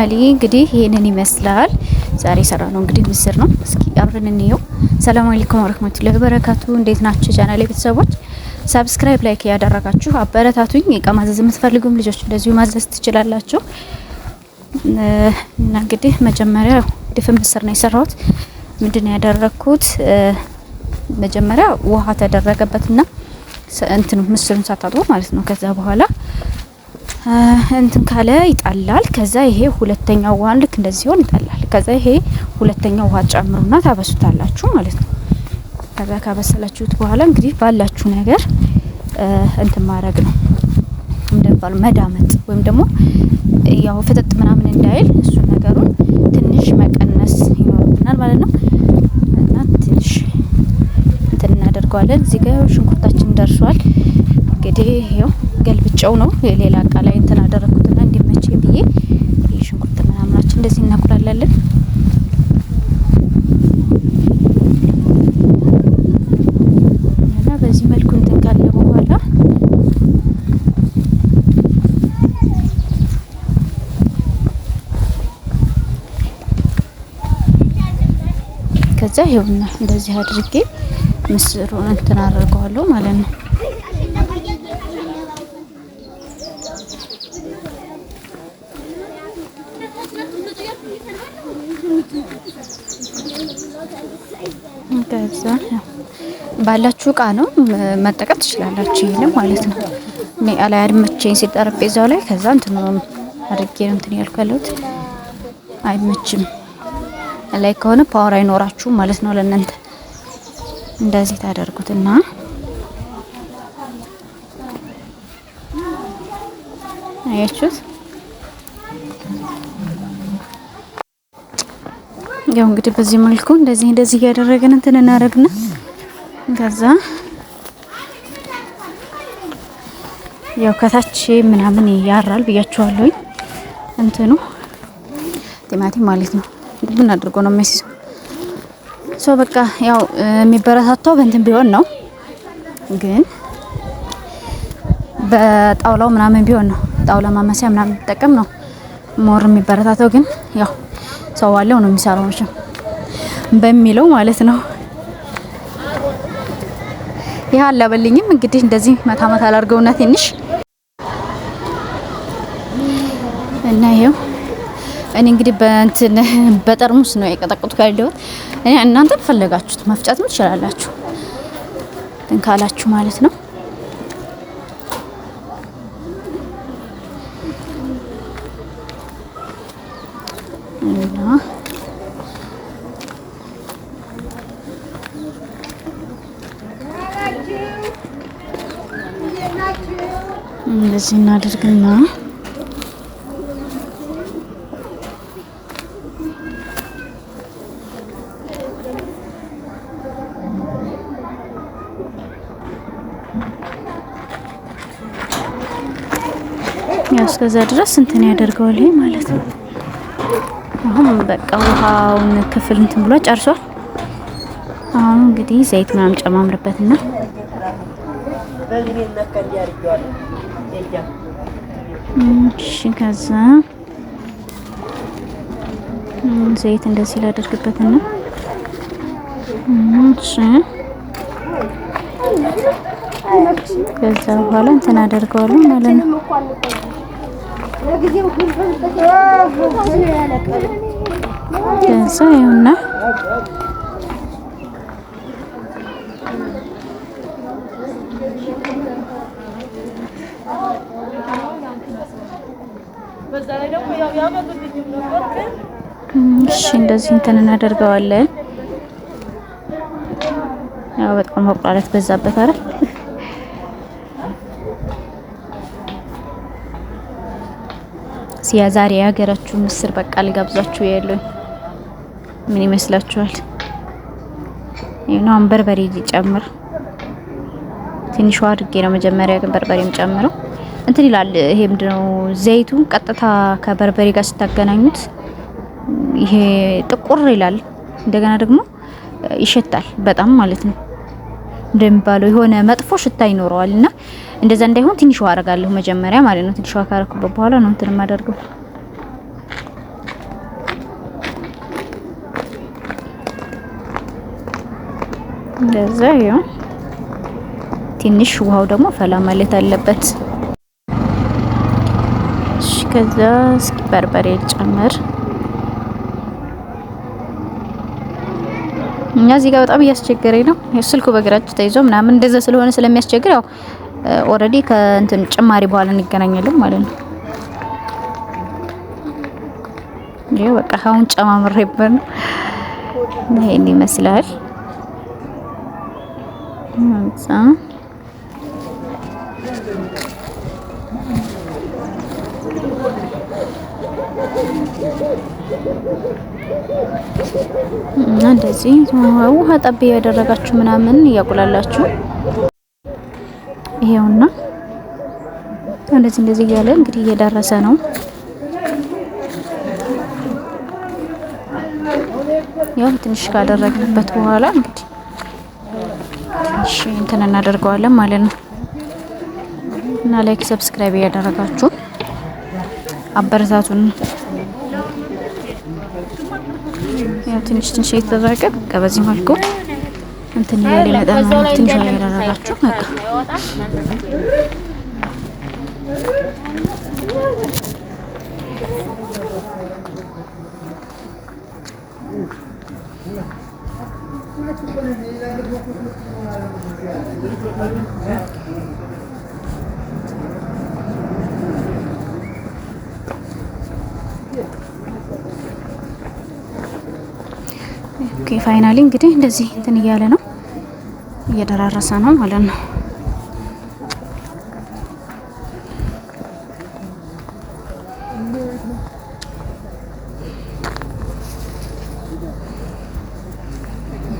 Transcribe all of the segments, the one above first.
አሊ እንግዲህ ይህንን ይመስላል። ዛሬ ሰራ ነው እንግዲህ ምስር ነው። እስኪ አብረን እንየው። ሰላም አለይኩም ወረህመቱላሂ ወበረካቱ። እንዴት ናቸው ቻናሌ ቤተሰቦች? ሰብስክራይብ ላይክ ያደረጋችሁ አበረታቱኝ። እቃ ማዘዝ የምትፈልጉም ልጆች እንደዚሁ ማዘዝ ትችላላችሁ። እና እንግዲህ መጀመሪያ ድፍን ምስር ነው የሰራሁት። ምንድን ነው ያደረኩት? መጀመሪያ ውሃ ተደረገበትና እንትን ምስሩን ሳታጥቦ ማለት ነው። ከዛ በኋላ እንትን ካለ ይጣላል። ከዛ ይሄ ሁለተኛው ውሃን ልክ እንደዚህ ሆን ይጣላል። ከዛ ይሄ ሁለተኛው ውሃ ጨምሩና ታበሱታላችሁ ማለት ነው። ከዛ ካበሰላችሁት በኋላ እንግዲህ ባላችሁ ነገር እንትን ማድረግ ነው እንደባል መዳመጥ ወይም ደግሞ ያው ፍጥጥ ምናምን እንዳይል እሱ ነገሩን ትንሽ መቀነስ ይኖርብናል ማለት ነው። እና ትንሽ እንትን እናደርገዋለን። እዚህ ጋር ሽንኩርታችን ደርሷል። እንግዲህ ይኸው ገልብጨው ነው የሌላ እቃ ላይ እንትን አደረግኩትና እንዲመቼ ብዬ ሽንኩርት ምናምናችን እንደዚህ እናቁላላለን። እና በዚህ መልኩ እንትን ካለ በኋላ ከዛ ይኸውና እንደዚህ አድርጌ ምስሩ እንትን አደርገዋለሁ ማለት ነው። ባላችሁ እቃ ነው መጠቀም ትችላላችሁ። ይሄንም ማለት ነው እኔ አላይ አድመቼኝ ሲል ጠረጴዛው ላይ ከዛ እንትን አድርጌ ነው እንትን ያልኩ ያለሁት። አይመችም ላይ ከሆነ ፓወር አይኖራችሁም ማለት ነው ለእናንተ። እንደዚህ ታደርጉትና አያችሁት ያው እንግዲህ በዚህ መልኩ እንደዚህ እንደዚህ እያደረግን እንትን እናደርግና ከዛ ያው ከታች ምናምን ያራል ብያችኋለሁኝ። እንትኑ ቲማቲም ማለት ነው። ምን አድርጎ ነው የሚያስይዘው? ሶ በቃ ያው የሚበረታታው በእንትን ቢሆን ነው፣ ግን በጣውላው ምናምን ቢሆን ነው። ጣውላ ማማሲያ ምናምን ጠቀም ነው ሞር የሚበረታታው ግን ያው ሰው ባለው ነው የሚሰራው መቼም በሚለው ማለት ነው። ይህ አላበልኝም እንግዲህ እንደዚህ መታ መታ አላርገውና ትንሽ እና ይሄው እኔ እንግዲህ በእንትን በጠርሙስ ነው የቀጠቅጡት ያለሁት። እኔ እናንተ ፈለጋችሁት መፍጨትም ትችላላችሁ እንካላችሁ ማለት ነው። እና እንደዚህ እናደርግና ያው እስከዛ ድረስ እንትን ያደርገዋል ማለት ነው። አሁን በቃ ውሃውን ክፍል እንትን ብሎ ጨርሷል። አሁን እንግዲህ ዘይት ምናምን ጨማምርበትና እሺ፣ ከዛ ዘይት እንደዚህ ላደርግበትና እሺ፣ ከዛ በኋላ እንትን አደርገዋለሁ ማለት ነው። ገንዘብ ይሁና እሺ፣ እንደዚህ እንትን እናደርገዋለን። ያው በጣም መቁራረት በዛበት አይደል? የዛሬ የሀገራችሁ ምስር በቃ ልጋብዛችሁ ያለው ምን ይመስላችኋል? ይሄን በርበሬ ይጨምር። ትንሿ አድርጌ ነው መጀመሪያ ግን በርበሬም ጨምረው እንትን ይላል። ይሄ ምንድነው ዘይቱ ቀጥታ ከበርበሬ ጋር ስታገናኙት ይሄ ጥቁር ይላል። እንደገና ደግሞ ይሸታል በጣም ማለት ነው። እንደሚባለው የሆነ መጥፎ ሽታ ይኖረዋል እና እንደዛ እንዳይሆን ትንሽ ውሃ አረጋለሁ መጀመሪያ ማለት ነው። ትንሽ ውሃ ካረኩበት በኋላ ነው እንትን የማደርገው። እንደዛ ይሁን። ትንሽ ውሃው ደግሞ ፈላ ማለት አለበት። ከዛ እስኪ በርበሬ ጨምር እኛ እዚህ ጋር በጣም እያስቸገረኝ ነው። ስልኩ በግራችሁ ተይዞ ምናምን እንደዛ ስለሆነ ስለሚያስቸግር ያው ኦልሬዲ ከእንትን ጭማሪ በኋላ እንገናኛለን ማለት ነው። ይሄ በቃ አሁን ጨማምሬበት ነው። ይሄን ይመስላል። you. እንደዚህ ውሃ ጠብ ያደረጋችሁ ምናምን እያቁላላችሁ ይሄውና እንደዚህ እንደዚህ እያለ እንግዲህ እየደረሰ ነው። ያው ትንሽ ካደረግንበት በኋላ እንግዲህ ትንሽ እንትን እናደርገዋለን ማለት ነው እና ላይክ ሰብስክራይብ እያደረጋችሁ አበረታቱን። ያው ትንሽ ትንሽ እየተደረገ በቃ በዚህ መልኩ እንትን እያለ ይመጣል ማለት ትንሽ ያደረጋችሁ በቃ ኦኬ ፋይናሊ እንግዲህ እንደዚህ እንትን እያለ ነው እየደራረሰ ነው ማለት ነው።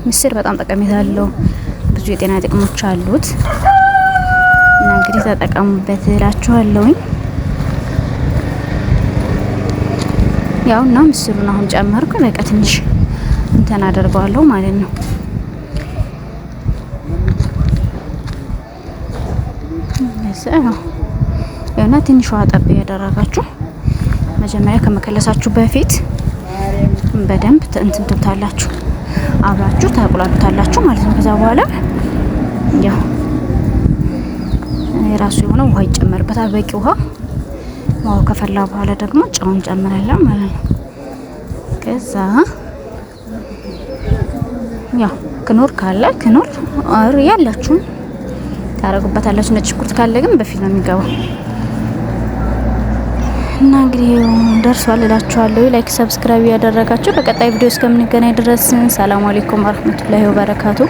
ምስር በጣም ጠቀሜታ አለው። ብዙ የጤና ጥቅሞች አሉት እና እንግዲህ ተጠቀሙበት እላችኋለሁኝ። ያው እና ምስሩን አሁን ጨመርኩ በቃ ትንሽ እንትን አደርገዋለሁ ማለት ነው። የሆነ ትንሿ ጠብ ያደረጋችሁ መጀመሪያ ከመከለሳችሁ በፊት በደንብ እንትን ትብታላችሁ፣ አብራችሁ ታቁላሉታላችሁ ማለት ነው። ከዛ በኋላ ያው የራሱ የሆነ ውሃ ይጨመርበታል፣ በቂ ውሃ። ውሃው ከፈላ በኋላ ደግሞ ጨውን ጨምራለን ማለት ነው ከዛ ያው ክኖር ካለ ክኖር አር ያላችሁም ታረጉበታላችሁ። ነጭ ሽንኩርት ካለ ግን በፊት ነው የሚገባው። እና እንግዲህ ደርሷል እላችኋለሁ። ላይክ ሰብስክራይብ ያደረጋችሁ፣ በቀጣይ ቪዲዮ እስከምንገናኝ ድረስ ሰላም አለይኩም ወራህመቱላሂ ወበረካቱ።